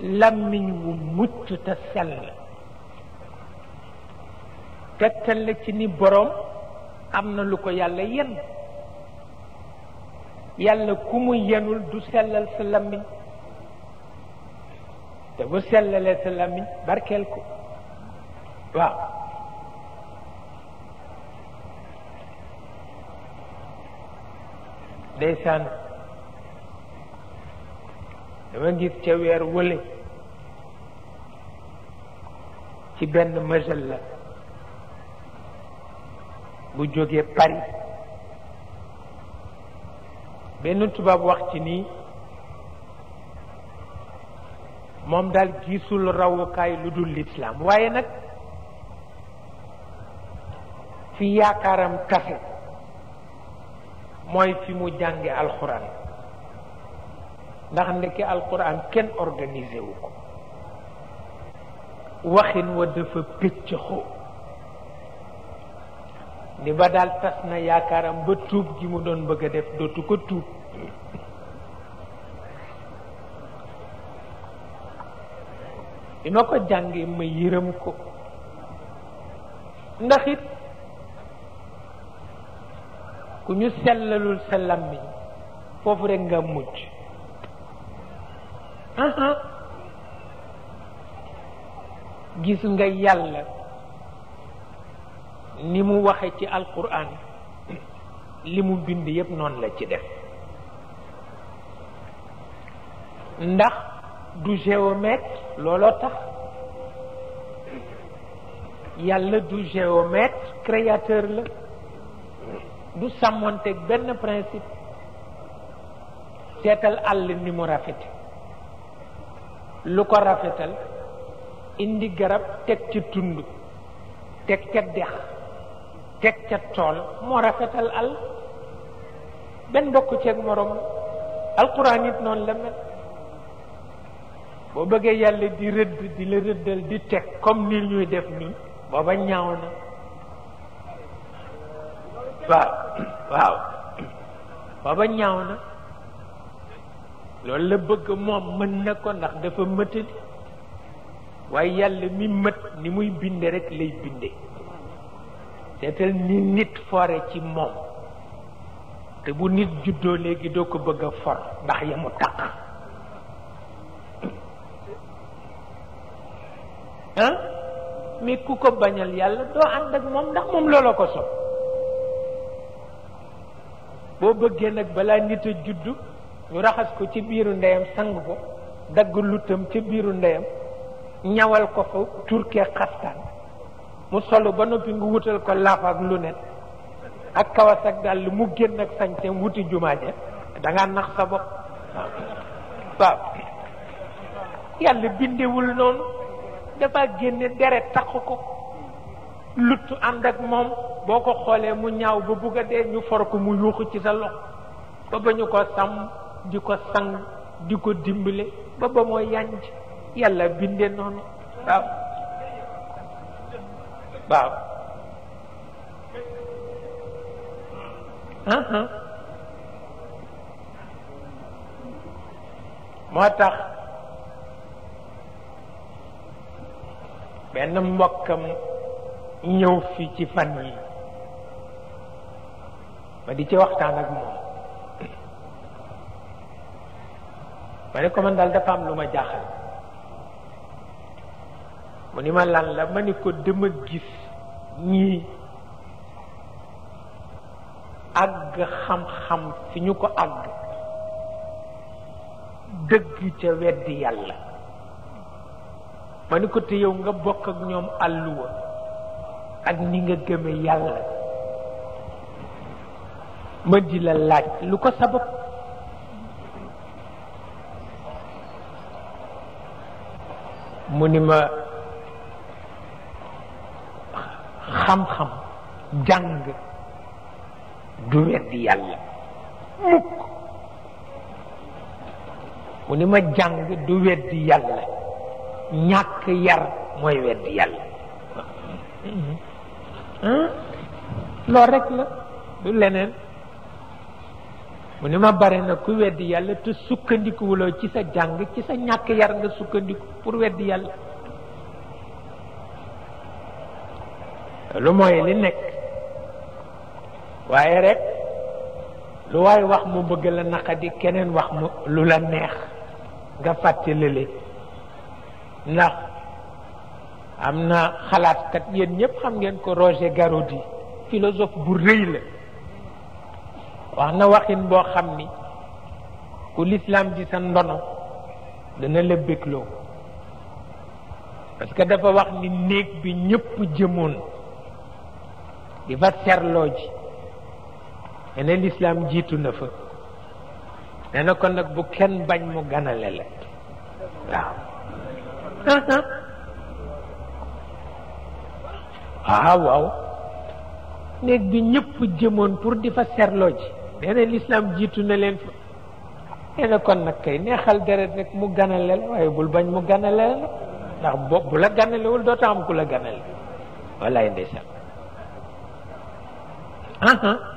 làmmiñ wu mucc te sell tegtal la ci ni boroom am na lu ko yàlla yen yàlla ku mu yenul du sellal sa làmmiñ te bu sellalee sa làmmiñ barkeel ko waaw ndeysaan dama gis ca weer wële ci benn majal la bu jógee Paris benn tubaab wax ci nii moom daal gisul rawukaay lu dul lislaam waaye nag fi yaakaaram tase mooy fi mu jànge alxuraan ndax ndekki alquran kenn organisé wu ko waxin wa dafa pëccëxoo ni ba daal tas na yaakaaram ba tuub gi mu doon bëgg a def dootu ko tuub bi ma ko jàngee ma yërëm ko ndax ku ñu sellalul sa làmmiñ foofu rekk nga mujj gis nga yàlla ni mu waxe ci alquran li mu bind yépp noonu la ci def ndax du géomètre looloo tax yàlla du géomètre créateur la du sàmmonteeg benn principe seetal àll ni mu rafete lu ko rafetal indi garab teg ca tund teg ca dex teg ca tool moo rafetal al benn bokk ceeg morom alquran it noonu la mel boo bëggee yàlla di rëdd di la rëddal di teg comme ni ñuy def nii booba ñaaw na waaw waaw booba ñaaw na lolou la bëgg mom mën na ko ndax dafa mëtadi waye yalla mi mët ni muy bindé rek lay binde ni nit foré ci mom te bu nit juddo légui do ko bëgg for ndax yamu tak ah mi ku ko bañal yalla do and ak mom ndax mom lolo ko so bo nak bala ñu raxas ko ci biiru ndeyam sang ko dagg luttam ci biiru ndeyam ñawal ko fa turke xastaan mu solu ba noppi nga wutal ko laafa ak lunet ak kawas ak dàll mu génn ak sañteem wuti jumaaje danga nax sa bopp yàlla bindewul noonu dafa génne deret tax ko lutt ànd ak moom boo ko xoolee mu ñaaw ba bugg dee ñu for ko mu yuuxu ci sa loxo ba ba ñu ko sàmm di ko sang di ko dimbale ba ba moo yanj yàlla bindee noonu waaw waaw ah, ah. moo tax benn mbokkam ñëw fi ci fan yi ma di ci waxtaan ak ma ne ko man daal dafa am lu ma jaaxal mu ni ma lan la ma ni ko dama gis ñii àgg xam-xam fi ñu ko àgg dëgg ca weddi yàlla ma ni ko te yow nga bokk ak ñoom àlluwa ak ni nga gëme yàlla ma di la laaj lu ko sabab mu ni ma xam-xam jàng du weddi yàlla mukk mu ni ma jàng du weddi yàlla ñàkk yar mooy weddi yàlla hmm. Hmm. Hmm. loolu rek la du leneen mu ni ma bare na ku weddi yàlla te sukkandikuwuloo ci sa jàng ci sa ñàkk yar nga sukkandiku pour weddi yàlla lu mooy li nekk waaye rek lu waay wax mu bëgg la naqadi keneen wax mu lu la neex nga fàtte lële ndax am na xalaat xalaatkat yéen ñëpp xam ngeen ko Roger Garaudy philosophe bu rëy la wax na waxin boo xam ni ku lislaam ci sa ndono dana la bégloo parce que dafa wax ni néeg bi ñëpp jëmoon di fa serloo ji nee na lislaam jiitu na fa nee nag bu kenn bañ mu ganale la waaw ah waaw néeg bi ñëpp jëmoon pour di fa serloo ji nee na lislaam jiitu na leen fa nee na kon nag kay neexal deret rek mu ganale la waaye bul bañ mu ganale la ndax bo bu la ganalewul doo tax am ku la ganale wallaay ndeysaan